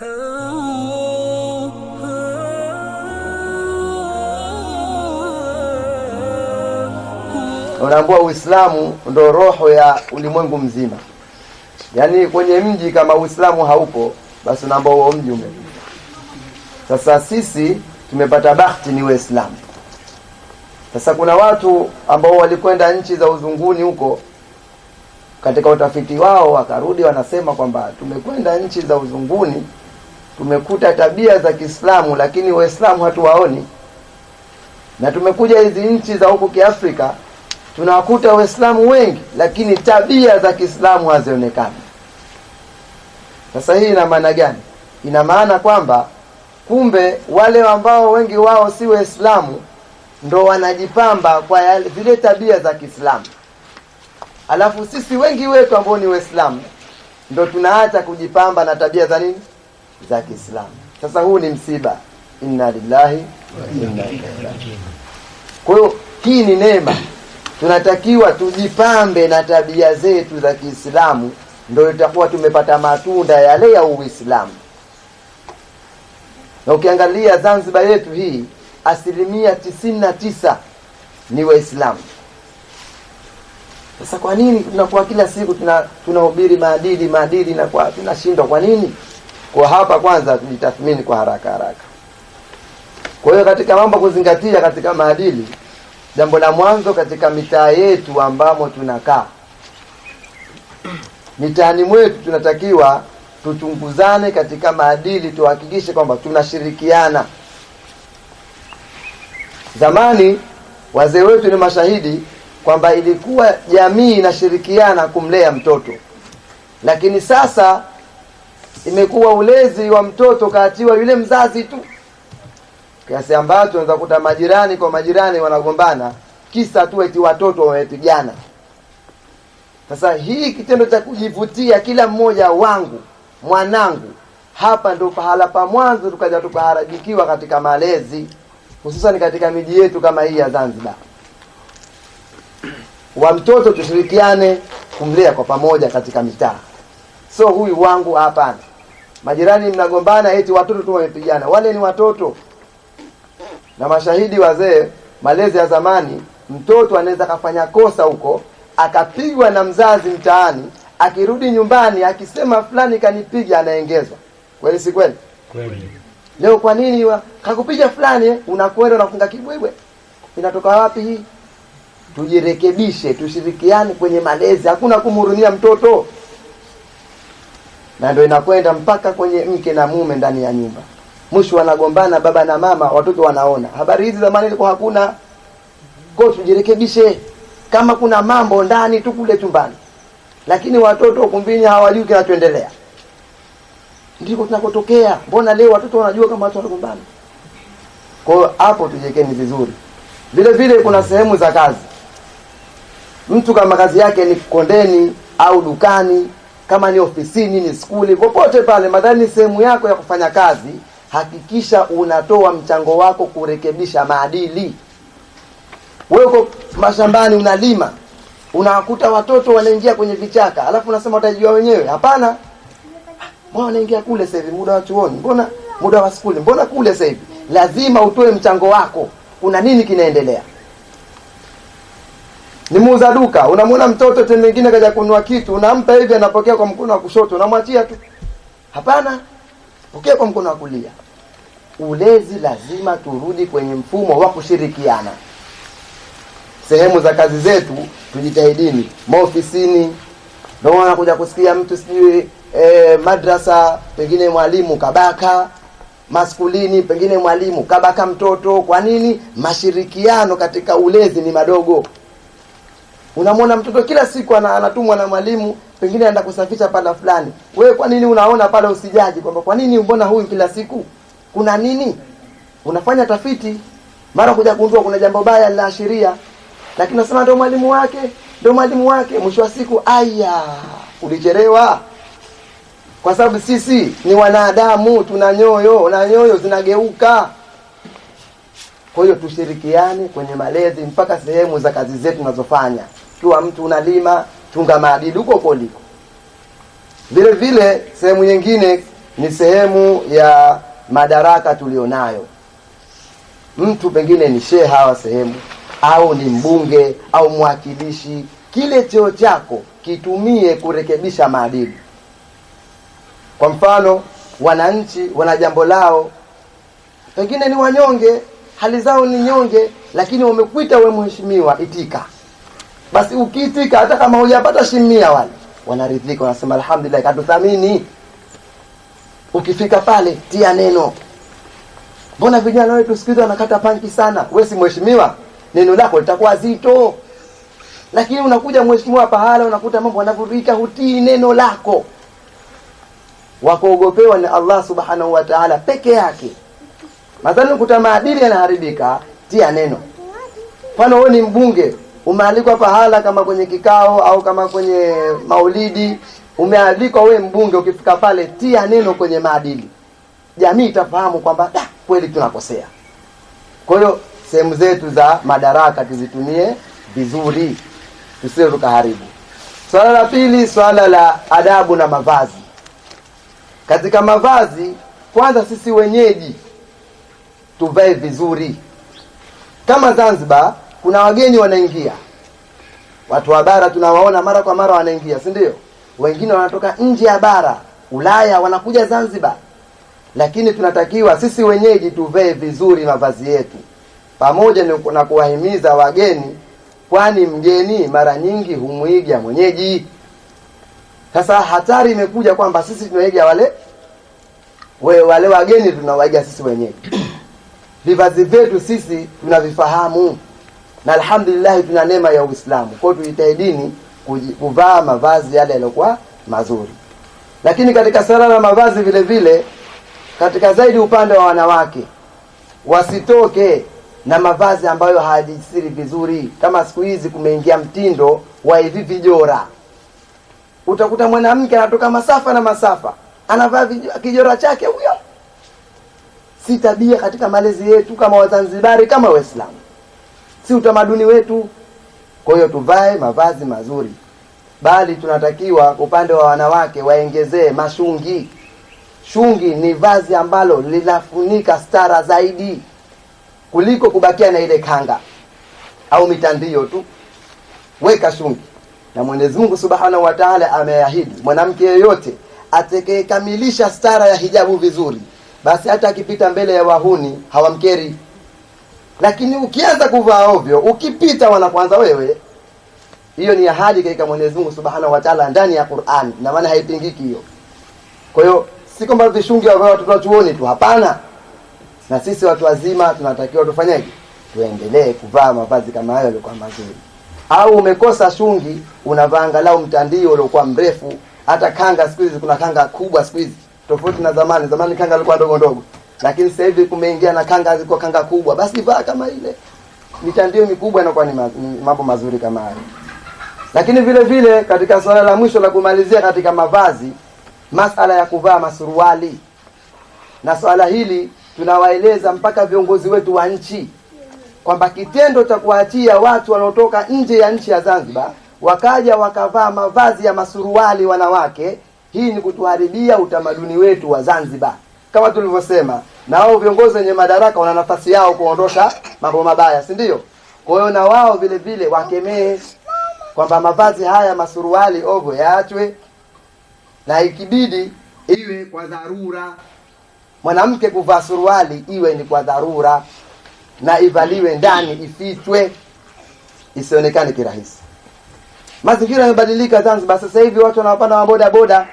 Unaambua Uislamu ndo roho ya ulimwengu mzima. Yaani kwenye mji kama Uislamu haupo, basi unaambua huo mji ume. Sasa sisi tumepata bahati ni Waislamu. Sasa kuna watu ambao walikwenda nchi za uzunguni huko, katika utafiti wao wakarudi wanasema kwamba tumekwenda nchi za uzunguni tumekuta tabia za Kiislamu, lakini Waislamu hatuwaoni, na tumekuja hizi nchi za huku Kiafrika tunawakuta Waislamu wengi, lakini tabia za Kiislamu hazionekani. Sasa hii ina maana gani? Ina maana kwamba kumbe wale ambao wengi wao si Waislamu ndo wanajipamba kwa zile tabia za Kiislamu, alafu sisi wengi wetu ambao ni Waislamu ndo tunaacha kujipamba na tabia za nini za Kiislamu. Sasa huu ni msiba, inna lillahi inna ilaihi rajiun. Kwa hiyo hii ni neema, tunatakiwa tujipambe na tabia zetu za Kiislamu, ndio itakuwa tumepata matunda yale ya Uislamu. Na ukiangalia Zanzibar yetu hii, asilimia tisini na tisa ni Waislamu. Sasa kwa nini tunakuwa kila siku tunahubiri tuna maadili maadili, na kwa tunashindwa kwa nini? Kwa hapa kwanza tujitathmini kwa haraka haraka. Kwa hiyo katika mambo kuzingatia katika maadili, jambo la mwanzo katika mitaa yetu ambamo tunakaa, mitaani mwetu tunatakiwa tuchunguzane katika maadili, tuhakikishe kwamba tunashirikiana. Zamani wazee wetu ni mashahidi kwamba ilikuwa jamii inashirikiana kumlea mtoto, lakini sasa imekuwa ulezi wa mtoto kaatiwa yule mzazi tu, kiasi ambacho unaweza kuta majirani kwa majirani wanagombana kisa tu eti watoto wamepigana. Sasa hii kitendo cha kujivutia kila mmoja wangu, mwanangu, hapa ndo pahala pa mwanzo tukaja tukaharajikiwa katika malezi, hususan katika miji yetu kama hii ya Zanzibar. Wa mtoto tushirikiane kumlea kwa pamoja katika mitaa, so huyu wangu, hapana. Majirani mnagombana eti watoto tu wamepigana, wale ni watoto. Na mashahidi wazee, malezi ya zamani, mtoto anaweza akafanya kosa huko akapigwa na mzazi mtaani, akirudi nyumbani akisema fulani kanipiga, anaengezwa. Kweli si kweli? Kweli. Leo kwa nini wa kakupiga fulani, unakwenda unafunga kibwebwe? Inatoka wapi hii? Tujirekebishe, tushirikiane kwenye malezi, hakuna kumhurumia mtoto na ndio inakwenda mpaka kwenye mke na mume ndani ya nyumba. Mwisho wanagombana baba na mama, watoto wanaona. Habari hizi zamani ilikuwa hakuna. Kwa tujirekebishe, kama kuna mambo ndani tu kule chumbani, lakini watoto ukumbini hawajui kinachoendelea. Ndiko tunakotokea. Mbona leo watoto wanajua kama watu wanagombana? Kwa hiyo hapo tujiekeni vizuri. Vile vile kuna sehemu za kazi. Mtu kama kazi yake ni kondeni au dukani kama ni ofisini, ni skuli, popote pale, madhani ni sehemu yako ya kufanya kazi, hakikisha unatoa mchango wako kurekebisha maadili. Wewe uko mashambani unalima, unawakuta watoto wanaingia kwenye vichaka, alafu unasema watajua wenyewe. Hapana, mbona wanaingia kule sasa hivi, muda wa chuoni, mbona muda wa skuli, mbona kule sasa hivi? Lazima utoe mchango wako, kuna nini kinaendelea? ni muuza duka. Unamwona mtoto tena mwingine kaja kununua kitu, unampa hivi, anapokea kwa mkono wa kushoto, unamwachia tu. Hapana, pokea kwa mkono wa kulia. Ulezi lazima turudi kwenye mfumo wa kushirikiana. Sehemu za kazi zetu tujitahidini, maofisini. Ndio maana kuja kusikia mtu sijui e, madrasa pengine mwalimu kabaka maskulini pengine mwalimu kabaka mtoto. Kwa nini? Mashirikiano katika ulezi ni madogo. Unamwona mtoto kila siku anatumwa na mwalimu, pengine anaenda kusafisha pala fulani. Wewe kwa nini unaona pale usijaji kwamba kwa nini mbona huyu kila siku? Kuna nini? Unafanya tafiti mara kuja kundua kuna jambo baya linaashiria, lakini nasema ndio mwalimu wake, ndio mwalimu wake. Mwisho wa siku, aya, ulicherewa kwa sababu sisi ni wanadamu, tuna nyoyo na nyoyo zinageuka. Kwa hiyo tushirikiane kwenye malezi mpaka sehemu za kazi zetu tunazofanya. Kiwa mtu unalima, chunga maadili huko huko uliko. Vile vile sehemu nyingine ni sehemu ya madaraka tulionayo. Mtu pengine ni sheha wa sehemu au ni mbunge au mwakilishi, kile cheo chako kitumie kurekebisha maadili. Kwa mfano, wananchi wana jambo lao, pengine ni wanyonge hali zao ni nyonge, lakini wamekuita we mheshimiwa, itika. Basi ukiitika hata kama hujapata shimia, wale wanaridhika, wanasema alhamdulillah, katuthamini. Ukifika pale tia neno. Mbona vijana wetu siku hizi wanakata panki sana? We si mheshimiwa, neno lako litakuwa zito. Lakini unakuja mheshimiwa pahala unakuta mambo yanavurika, hutii neno lako. Wakuogopewa ni Allah subhanahu wa ta'ala peke yake. Mathalan, kuta maadili yanaharibika, tia neno. Mfano, wewe ni mbunge, umealikwa pahala kama kwenye kikao au kama kwenye maulidi, umealikwa wewe mbunge, ukifika pale tia neno kwenye maadili, jamii itafahamu kwamba kweli tunakosea. Kwa hiyo sehemu zetu za madaraka tuzitumie vizuri, tusio tukaharibu. Swala la pili, swala la adabu na mavazi. Katika mavazi, kwanza sisi wenyeji tuvae vizuri. Kama Zanzibar kuna wageni wanaingia, watu wa bara tunawaona mara kwa mara wanaingia, si ndio? Wengine wanatoka nje ya bara, Ulaya wanakuja Zanzibar, lakini tunatakiwa sisi wenyeji tuvae vizuri mavazi yetu, pamoja na kuwahimiza wageni, kwani mgeni mara nyingi humwiga mwenyeji. Sasa hatari imekuja kwamba sisi tunaiga wale we, wale wageni tunawaiga sisi wenyeji vivazi vyetu sisi tunavifahamu, na alhamdulillah tuna neema ya Uislamu. Kwa hiyo tujitahidini kuvaa mavazi yale yaliyokuwa mazuri, lakini katika sala na mavazi vile vile, katika zaidi upande wa wanawake wasitoke na mavazi ambayo hayajisiri vizuri. Kama siku hizi kumeingia mtindo wa hivi vijora, utakuta mwanamke anatoka masafa na masafa, anavaa kijora chake huyo si tabia katika malezi yetu kama Wazanzibari, kama Waislamu, si utamaduni wetu. Kwa hiyo tuvae mavazi mazuri, bali tunatakiwa upande wa wanawake waengezee mashungi. Shungi ni vazi ambalo linafunika stara zaidi kuliko kubakia na ile kanga au mitandio tu. Weka shungi, na Mwenyezi Mungu Subhanahu wa Ta'ala ameahidi mwanamke yeyote atakayekamilisha stara ya hijabu vizuri basi hata akipita mbele ya wahuni hawamkeri. Lakini ukianza kuvaa ovyo, ukipita wanakwanza wewe. Hiyo ni ahadi katika Mwenyezi Mungu Subhanahu wa Ta'ala ndani ya Qur'an, na maana haipingiki hiyo. Kwa hiyo si kwamba vishungi au watoto wa chuoni tu, hapana. Na sisi watu wazima tunatakiwa tufanyeje? Tuendelee kuvaa mavazi kama hayo yaliokuwa mazuri. Au umekosa shungi, unavaa angalau mtandio uliokuwa mrefu. Hata kanga siku hizi, kuna kanga kubwa siku hizi tofauti na zamani. Zamani kanga alikuwa ndogo ndogo, lakini sasa hivi kumeingia na kanga ziko kanga kubwa, basi vaa kama ile. mitandio mikubwa inakuwa ni mambo mazuri kama hayo. Lakini vile vile katika swala la mwisho la kumalizia katika mavazi, masala ya kuvaa masuruali, na swala hili tunawaeleza mpaka viongozi wetu wa nchi kwamba kitendo cha kuachia watu wanaotoka nje ya nchi ya Zanzibar wakaja wakavaa mavazi ya masuruali wanawake hii ni kutuharibia utamaduni wetu wa Zanzibar. Kama tulivyosema, na wao viongozi wenye madaraka wana nafasi yao kuondosha mambo mabaya, si ndio? Kwa hiyo na wao vile vile wakemee kwamba mavazi haya masuruali ovyo yaachwe, na ikibidi iwe kwa dharura. Mwanamke kuvaa suruali iwe ni kwa dharura, na ivaliwe ndani, ifichwe, isionekane kirahisi. Mazingira yamebadilika Zanzibar, sasa hivi watu wanapanda maboda boda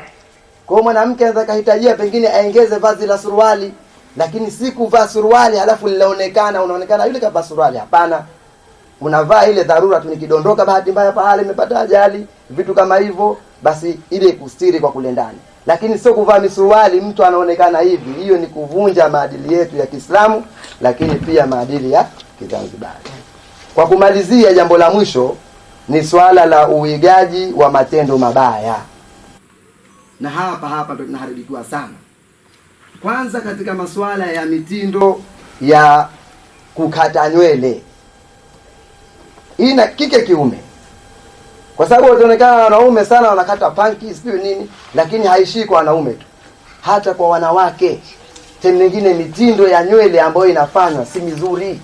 kwa mwanamke anaweza kahitajia pengine aongeze vazi la suruali, lakini si kuvaa suruali halafu linaonekana unaonekana yule kavaa suruali. Hapana, unavaa ile dharura tu, nikidondoka bahati mbaya pale nimepata ajali, vitu kama hivyo, basi ile kustiri kwa kule ndani, lakini sio kuvaa misuruali mtu anaonekana hivi. Hiyo ni kuvunja maadili yetu ya Kiislamu, lakini pia maadili ya Kizanzibari. Kwa kumalizia, jambo la mwisho ni swala la uigaji wa matendo mabaya na hapa hapa ndo tunaharibikiwa sana. Kwanza katika masuala ya mitindo ya kukata nywele, ina kike kiume, kwa sababu wanaonekana wanaume sana wanakata panki sijui nini, lakini haishii kwa wanaume tu, hata kwa wanawake sehemu nyingine mitindo ya nywele ambayo inafanywa si mizuri.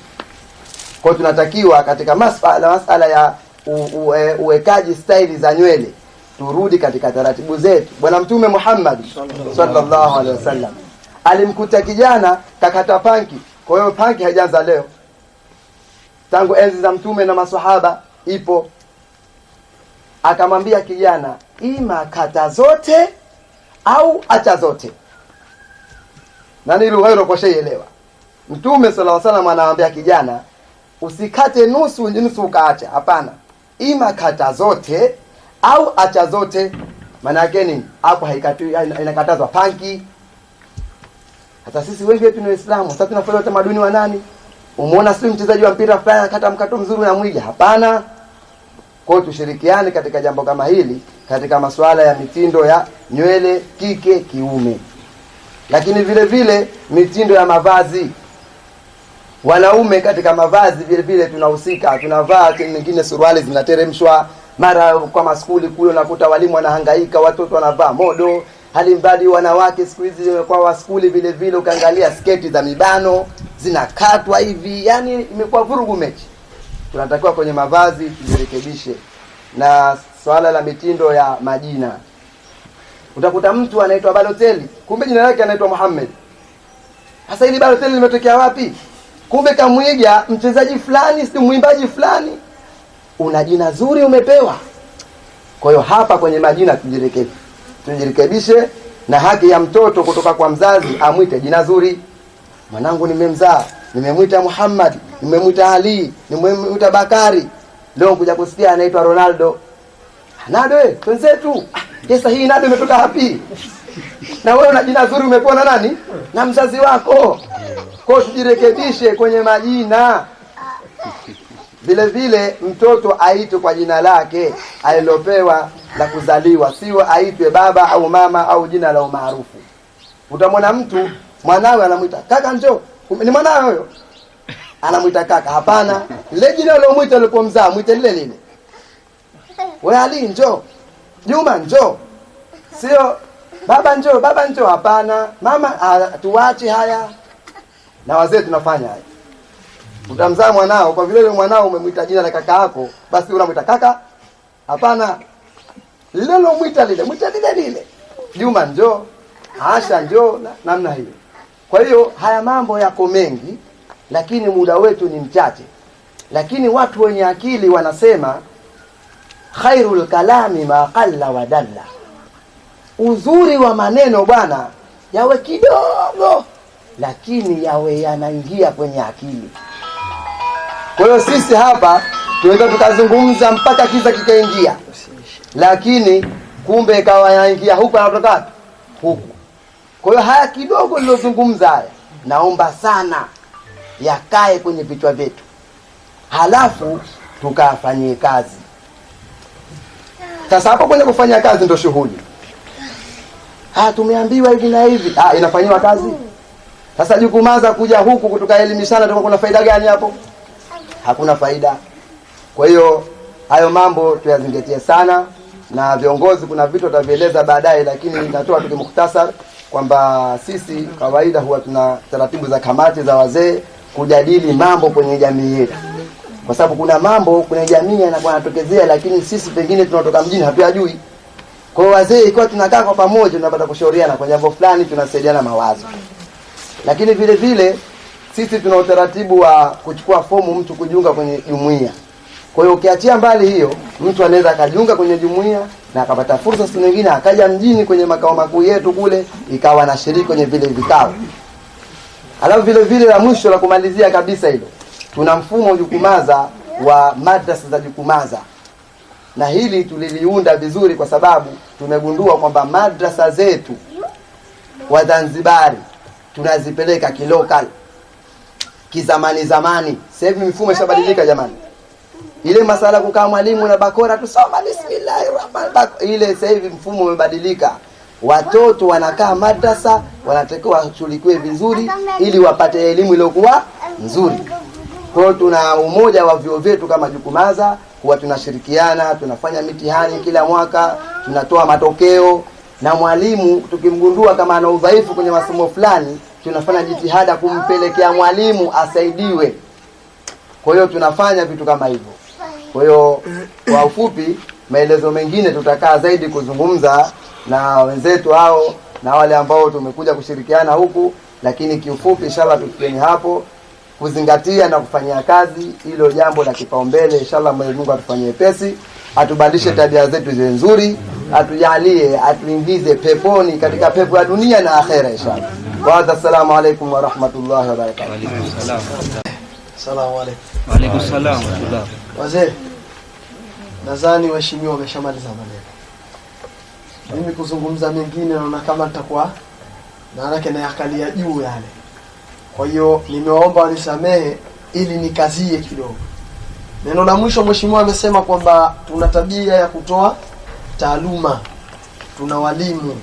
Kwa tunatakiwa katika masuala masala ya e, uwekaji staili za nywele turudi katika taratibu zetu. Bwana Mtume Muhammad sallallahu alaihi wasallam alimkuta kijana kakata panki. Kwa hiyo panki haijaanza leo, tangu enzi za Mtume na maswahaba ipo. Akamwambia kijana, ima kata zote au acha zote. Nani lugha hiyo Mtume sallallahu alaihi wasallam anawaambia kijana, usikate nusu nusu ukaacha, hapana, ima kata zote au acha zote. Maana yake ni Hapo haikatui, inakatazwa panki. Hata sisi wengi wetu ni Waislamu, sasa tunafuata utamaduni wa nani? Umeona si mchezaji wa mpira fulani akata mkato mzuri na mwiga? Hapana. Kwa hiyo tushirikiane katika jambo kama hili, katika masuala ya mitindo ya nywele kike, kiume, lakini vile vile mitindo ya mavazi wanaume. Katika mavazi vile vile tunahusika, tunavaa nyingine, suruali zinateremshwa mara kwa maskuli kule unakuta walimu wanahangaika, watoto wanavaa modo, mbali wanawake siku hizi kwa waskuli vile vile, ukaangalia sketi za mibano zinakatwa hivi, yani imekuwa vurugu mechi. Tunatakiwa kwenye mavazi tuzirekebishe na swala la mitindo ya majina, utakuta mtu anaitwa baloteli kumbe jina lake anaitwa Mohamed. Sasa hili baloteli limetokea wapi? Kumbe kamwiga mchezaji fulani, si mwimbaji fulani una jina zuri umepewa. Kwa hiyo hapa kwenye majina tujirekebishe, tujirekebishe, na haki ya mtoto kutoka kwa mzazi amwite jina zuri. Mwanangu nimemzaa, nimemwita Muhammad, nimemwita Ali, nimemwita Bakari, leo kuja kusikia anaitwa Ronaldo. Nado eh, wenzetu pesa hii nado imetoka hapi na wewe una jina zuri umepewa na nani? Na mzazi wako. Kwa hiyo tujirekebishe kwenye majina. Vile vile mtoto aitwe kwa jina lake alilopewa la kuzaliwa, sio aitwe baba au mama au jina la umaarufu. Utamwona mtu mwanawe anamwita kaka, njoo. Ni mwanawe huyo, anamwita kaka. Hapana, lile jina ulomwita ulipomzaa mwite lile lile. We Ali, njoo. Juma, njoo. Sio baba njoo, baba njoo. Hapana, mama. Ah, tuwache haya, na wazee tunafanya haya utamzaa mwanao. Kwa vile mwanao umemwita jina la kaka yako, basi unamwita kaka? Hapana, lile lomwita lile mwita lile lile, Juma njoo, Asha njoo, namna hiyo. Kwa hiyo haya mambo yako mengi, lakini muda wetu ni mchache. Lakini watu wenye akili wanasema khairul kalami ma qalla wa dalla, uzuri wa maneno bwana yawe kidogo, lakini yawe yanaingia kwenye akili. Kwa hiyo sisi hapa tunaweza tukazungumza mpaka kiza kikaingia, lakini kumbe ikawa yaingia huku anatoka huku. Kwa hiyo haya kidogo nilozungumza haya, naomba sana yakae kwenye vichwa vyetu, halafu tukafanyie kazi. Sasa hapo kwenye kufanya kazi ndo shughuli. Ah, tumeambiwa hivi na hivi, ah, inafanywa kazi. Sasa jukumaza kuja huku kutukaelimishana, kuna faida gani hapo? hakuna faida. Kwa hiyo hayo mambo tuyazingatie sana, na viongozi, kuna vitu watavieleza baadaye, lakini natoa tu mukhtasar kwamba sisi kawaida huwa tuna taratibu za kamati za wazee kujadili mambo kwenye jamii yetu, kwa sababu kuna mambo kwenye jamii yanakuwa yanatokezea, lakini sisi pengine tunatoka mjini hatuyajui. Kwa wazee, ikiwa tunakaa kwa pamoja, tunapata kushauriana kwa jambo fulani, tunasaidiana mawazo, lakini vile vile sisi tuna utaratibu wa kuchukua fomu mtu kujiunga kwenye jumuiya. Kwa hiyo ukiachia mbali hiyo, mtu anaweza akajiunga kwenye jumuiya na akapata fursa, siku nyingine akaja mjini kwenye makao makuu yetu kule, ikawa na shiriki kwenye vile vikao. Alafu vile vile la mwisho la kumalizia kabisa hilo, tuna mfumo jukumaza wa madrasa za jukumaza, na hili tuliliunda vizuri kwa sababu tumegundua kwamba madrasa zetu Wazanzibari tunazipeleka kilokali kizamani zamani. Sasa hivi mifumo ishabadilika jamani. Ile masala kukaa mwalimu na bakora tusoma bismillahir rahmanir Ile sasa hivi mfumo umebadilika. Watoto wanakaa madrasa, wanatakiwa washughulikiwe vizuri ili wapate elimu iliyokuwa nzuri. Kwa hiyo tuna umoja wa vyuo vyetu kama Jukumaza, huwa tunashirikiana, tunafanya mitihani kila mwaka, tunatoa matokeo na mwalimu tukimgundua kama ana udhaifu kwenye masomo fulani tunafanya jitihada kumpelekea mwalimu asaidiwe. Kwa hiyo tunafanya vitu kama hivyo. Kwa hiyo kwa ufupi, maelezo mengine tutakaa zaidi kuzungumza na wenzetu hao na wale ambao tumekuja kushirikiana huku, lakini kiufupi, inshallah tufikieni hapo kuzingatia na kufanyia kazi hilo jambo la kipaumbele. Inshallah Mwenyezi Mungu atufanyie pesi, atubadilishe tabia zetu ziwe nzuri, atujalie, atuingize peponi katika pepo ya dunia na akhera, inshallah. Kwanza, assalamu alaikum warahmatullahi wabarakatuh. Assalamu alaikum. Wa alaikum salaam. Wazee, nadhani waheshimiwa wameshamaliza maneno. Mimi kuzungumza mengine, naona kama nitakuwa maanake nayakalia juu yale. Kwa hiyo nimewaomba wanisamehe ili nikazie kidogo. Neno la mwisho, mheshimiwa amesema kwamba tuna tabia ya kutoa taaluma, tuna walimu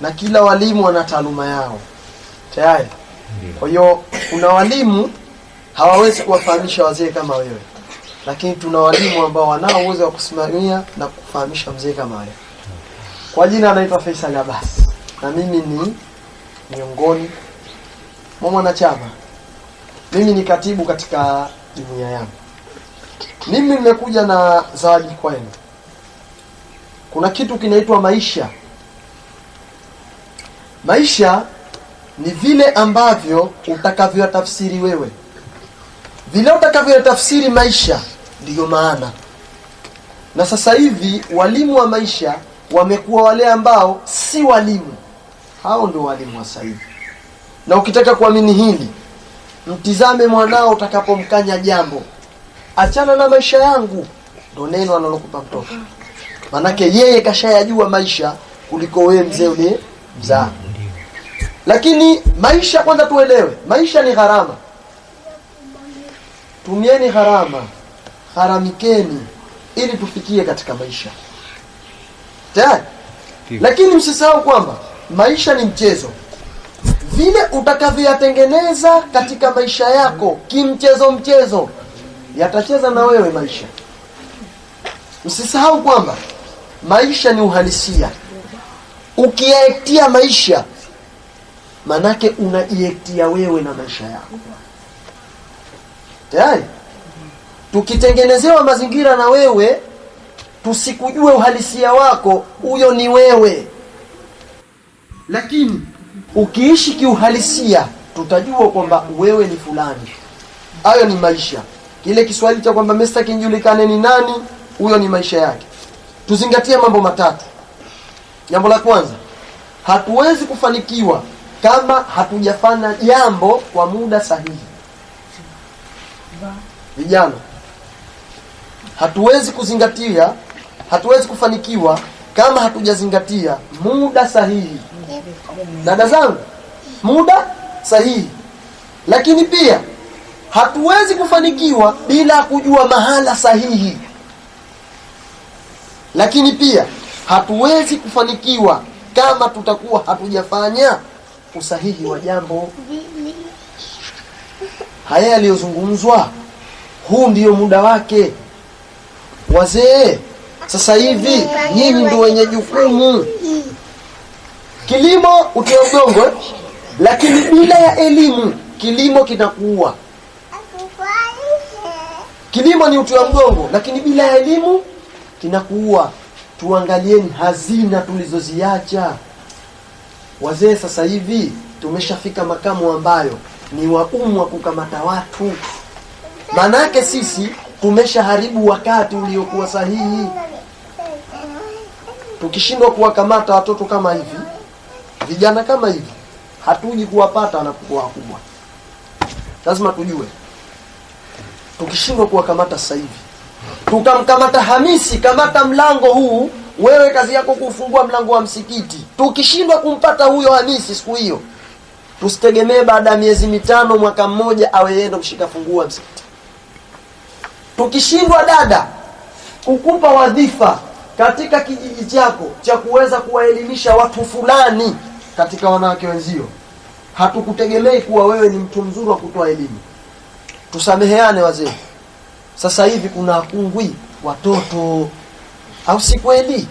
na kila walimu ana taaluma yao tayari. Kwa hiyo kuna walimu hawawezi kuwafahamisha wazee kama wewe, lakini tuna walimu ambao wanao uwezo wa kusimamia na kufahamisha mzee kama wewe. Kwa jina anaitwa Faisal Abbas na mimi ni miongoni mwa mwanachama, mimi ni katibu katika jumuiya yangu. Mimi nimekuja na zawadi kwenu. Kuna kitu kinaitwa maisha. Maisha ni vile ambavyo utakavyoyatafsiri wewe, vile utakavyoyatafsiri maisha, ndiyo maana. Na sasa hivi walimu wa maisha wamekuwa wale ambao si walimu, hao ndio walimu wa sasa hivi. Na ukitaka kuamini hili, mtizame mwanao utakapomkanya jambo, achana na maisha yangu, ndo neno analokupa mtoto, maanake yeye kashayajua maisha kuliko wewe mzee ule mzaa. Lakini maisha kwanza tuelewe, maisha ni gharama. Tumieni gharama, gharamikeni ili tufikie katika maisha tayari. Lakini msisahau kwamba maisha ni mchezo. Vile utakavyoyatengeneza katika maisha yako kimchezo, mchezo yatacheza na wewe maisha. Msisahau kwamba maisha ni uhalisia. Ukiyaetia maisha Manake unajiektia wewe na maisha yako tayari. Tukitengenezewa mazingira na wewe tusikujue uhalisia wako, huyo ni wewe, lakini ukiishi kiuhalisia tutajua kwamba wewe ni fulani. Hayo ni maisha. Kile Kiswahili cha kwamba mestaki kinjulikane ni nani, huyo ni maisha yake. Tuzingatie mambo matatu. Jambo la kwanza, hatuwezi kufanikiwa kama hatujafanya jambo kwa muda sahihi. Vijana hatuwezi kuzingatia, hatuwezi kufanikiwa kama hatujazingatia muda sahihi. Dada zangu, muda sahihi. Lakini pia hatuwezi kufanikiwa bila kujua mahala sahihi. Lakini pia hatuwezi kufanikiwa kama tutakuwa hatujafanya usahihi wa jambo. Haya yaliyozungumzwa, huu ndiyo muda wake. Wazee sasa hivi nyinyi ndio wenye jukumu. Kilimo utia udongo, lakini bila ya elimu kilimo kinakuua. Kilimo ni uti wa mgongo, lakini bila ya elimu kinakuua. Tuangalieni hazina tulizoziacha. Wazee sasa hivi tumeshafika makamu ambayo ni waumwa kukamata watu. Maana sisi tumeshaharibu wakati uliokuwa sahihi. Tukishindwa kuwakamata watoto kama hivi, vijana kama hivi, hatuji kuwapata wanapokuwa wakubwa. Lazima tujue, tukishindwa kuwakamata sasa hivi, tukamkamata Hamisi, kamata mlango huu wewe kazi yako kufungua mlango wa msikiti. Tukishindwa kumpata huyo Hamisi siku hiyo, tusitegemee baada ya miezi mitano, mwaka mmoja, awe yeye ndo mshika funguo msikiti. Tukishindwa dada kukupa wadhifa katika kijiji chako cha kuweza kuwaelimisha watu fulani katika wanawake wenzio, hatukutegemei kuwa wewe ni mtu mzuri wa kutoa elimu. Tusameheane wazee, sasa hivi kuna kungwi watoto au si kweli?